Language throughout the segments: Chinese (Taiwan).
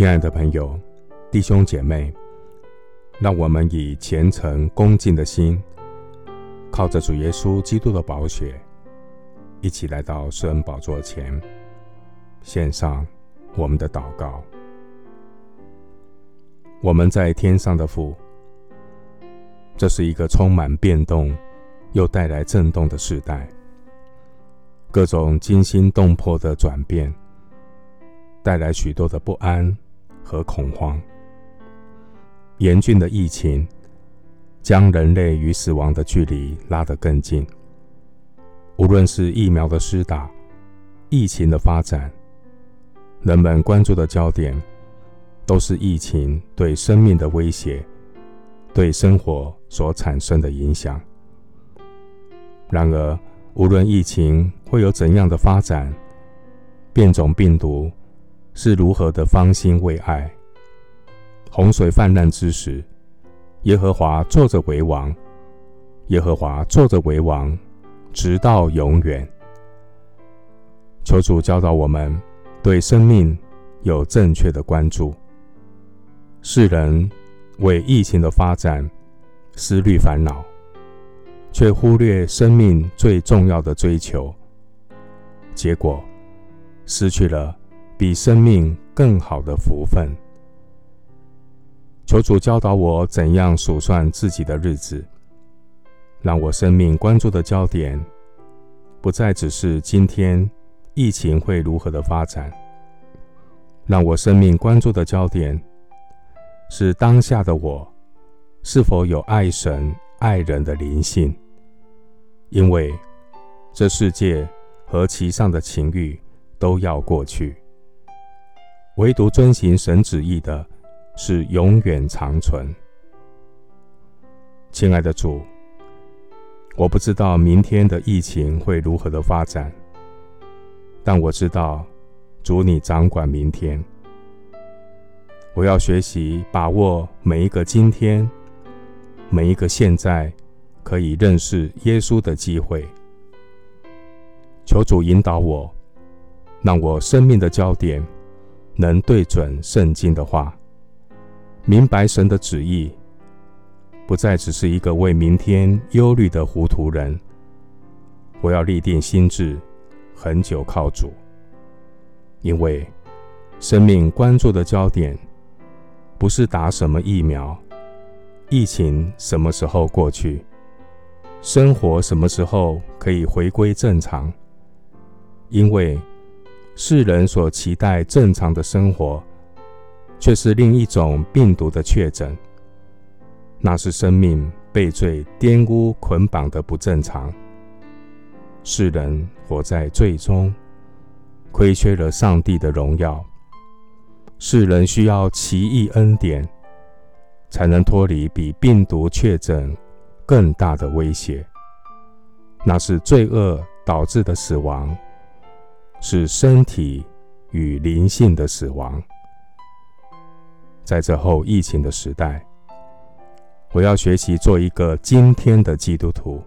親愛的朋友、弟兄姐妹，讓我們以虔誠恭敬的心，靠着主耶穌基督的寶血，一起來到施恩寶座前，獻上我們的禱告。我們在天上的父，這是一個充滿變動又帶來震動的時代，各種驚心動魄的轉變，帶來許多的不安。和恐慌。嚴峻的疫情將人類與死亡的距離拉得更近。無論是疫苗的施打，疫情的發展，人們關注的焦點都是疫情對生命的威脅，對生活所產生的影響。然而，無論疫情會有怎樣的發展，變種病毒，是如何的方興未艾。洪水泛濫之時，耶和華坐着為王，耶和華坐着為王，直到永遠。求主教導我們對生命有正確的關注。世人為疫情的發展思慮煩惱，卻忽略生命最重要的追求，結果失去了。比生命更好的福分，求主教導我怎樣數算自己的日子，讓我生命關注的焦點不再只是今天疫情會如何的發展，讓我生命關注的焦點是當下的我是否有愛神愛人的靈性，因為這世界和其上的情欲都要過去。唯獨遵行神旨意的，是永遠長存。親愛的主，我不知道明天的疫情會如何的發展，但我知道主你掌管明天。我要學習把握每一個今天，每一個現在，可以認識耶穌的機會。求主引導我，讓我生命的焦點。能對準聖經的話，明白神的旨意，不再只是一個為明天憂慮的糊塗人。我要立定心志，恆久靠主，因為生命關注的焦點不是打什麼疫苗，疫情什麼時候過去，生活什麼時候可以回歸正常，因為。世人所期待正常的生活，卻是另一種病毒的確診。那是生命被罪玷汙、捆綁的不正常。世人活在罪中，虧缺了上帝的榮耀。世人需要奇異恩典，才能脫離比病毒確診更大的威脅。那是罪惡導致的死亡。是身體與靈性的死亡。在這後疫情的時代，我要學習做一個今天的基督徒，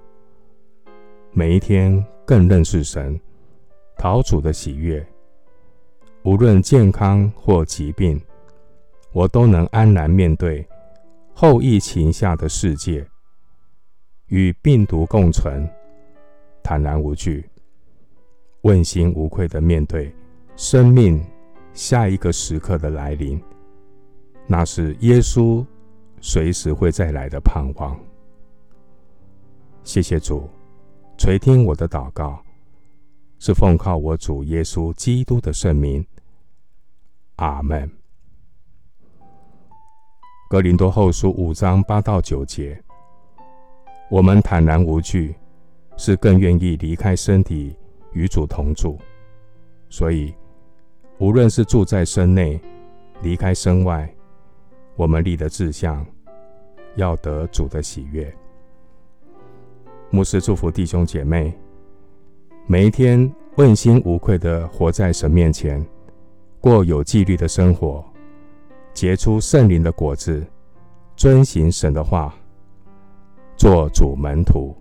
每一天更認識神，討主的喜悅。無論健康或疾病，我都能安然面對後疫情下的世界，與病毒共存，坦然無懼。問心無愧的面對生命下一個時刻的來臨，那是耶穌隨時會再來的盼望。謝謝主，垂聽我的禱告，是奉靠我主耶穌基督的聖名。阿門。哥林多後書五章八到九節，我們坦然無懼，是更願意離開身體。與主同住，所以無論是住在身內，離開身外，我們立的志向要得主的喜悅。牧師祝福弟兄姐妹，每一天問心無愧地活在神面前，過有紀律的生活，結出聖靈的果子，遵行神的話，做主門徒。